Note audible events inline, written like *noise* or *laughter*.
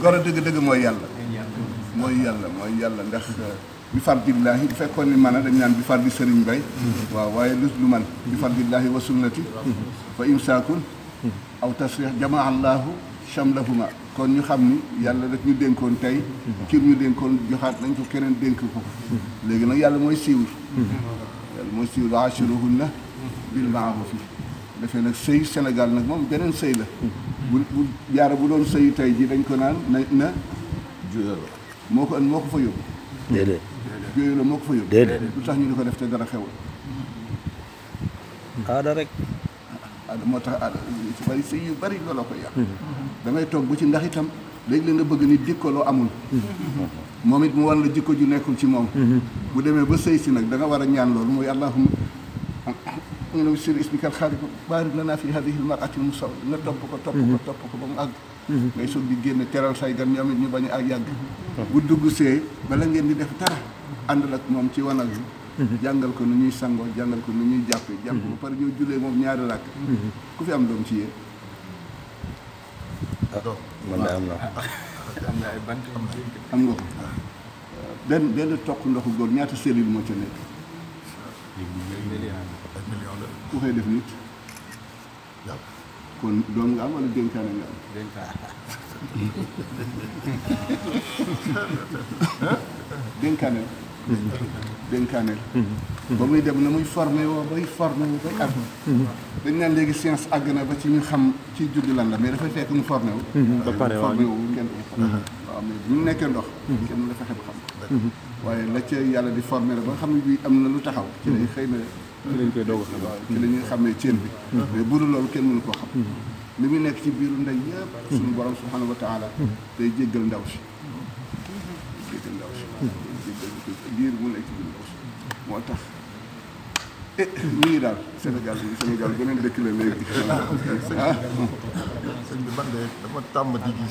gor a dëgg-dëgg mooy yàlla mooy yàlla mooy yàlla ndax euh, bi far billaahi bu fekkoon ni man dañ naan bi far bi sëriñ bay waaw waaye lus lu man bi far billaahi wa sunnati fa imsaakun aw tasrix jamaa allahu chamlahuma kon ñu xam ni yàlla rek ñu dénkoon tey kir ñu dénkoon joxaat nañ ko keneen dénk ko léegi nag yàlla mooy siiw yàlla mooy siiwul waachiruhunna bil maarufi defee nag sëy senegal nag moom beneen sëy la bu bu jaara bu doon sëyu tey ji dañ ko naan na na juyoo moo ko moo ko fa yóbbu déedéet juyoo moo ko fa yóbbu tax ñu di ko def te dara xewul rek moo tax aada su yu bari looloo koy yàq hmm. da ngay toog bu ci ndax itam léegi la nga bëgg nit jikko amul moom it mu war la nekkul ci moom hmm. bu demee ba sëy si nag danga war a ñaan loolu mooy allahumma ñu ne sur ismikal xaari ko baari lanaa fi hadihi almarati musaw topp ko topp ko topp ko ba mu àgg ngay génn teral say gan ñoom it ñu bañ a ak yàgg bu dugg see bala ngeen di def dara àndal ak moom ci wanag yi jàngal ko nu ñuy sangoo jàngal ko nu ñuy jàppee jàpp ba pare ñoo jullee moom ñaari làkk ku fi am doom ci yéen man de am na am ay bant am nga ko benn benn toq ndoxu góor ñaata cellule moo ca nekk ak million la. ku koy def nit. waaw kon doom nga am wala dénkaane nga am. dénkaane. ba muy dem na muy formé woo bay formé wu bay àgg. dañ naan léegi science àgg na ba ci ñu xam ci judd lan la mais dafay fekk mu formé wu. ba pare wu kenn. waaw mais bu ñu nekkee ndox. Mhm. kenn du la fexe ba xam. Mhm. waaye la ca yàlla di formé la ba xam ne bii am na lu taxaw. ci lay xëy na a xam. waaw ci ñuy xamee ceen bi. Mhm. mais bu dul loolu kenn koo xam. li muy nekk ci biiru ndey yëpp. suñu borom subhanahu wa taala day jéggal ndaw si. day jéggal ndaw si. day jéggal mu nekk ci biiru moo tax. eh ñu ngi daal Sénégal bi Sénégal beneen dëkk la léegi. *laughs* Ah, ah. bi man de dama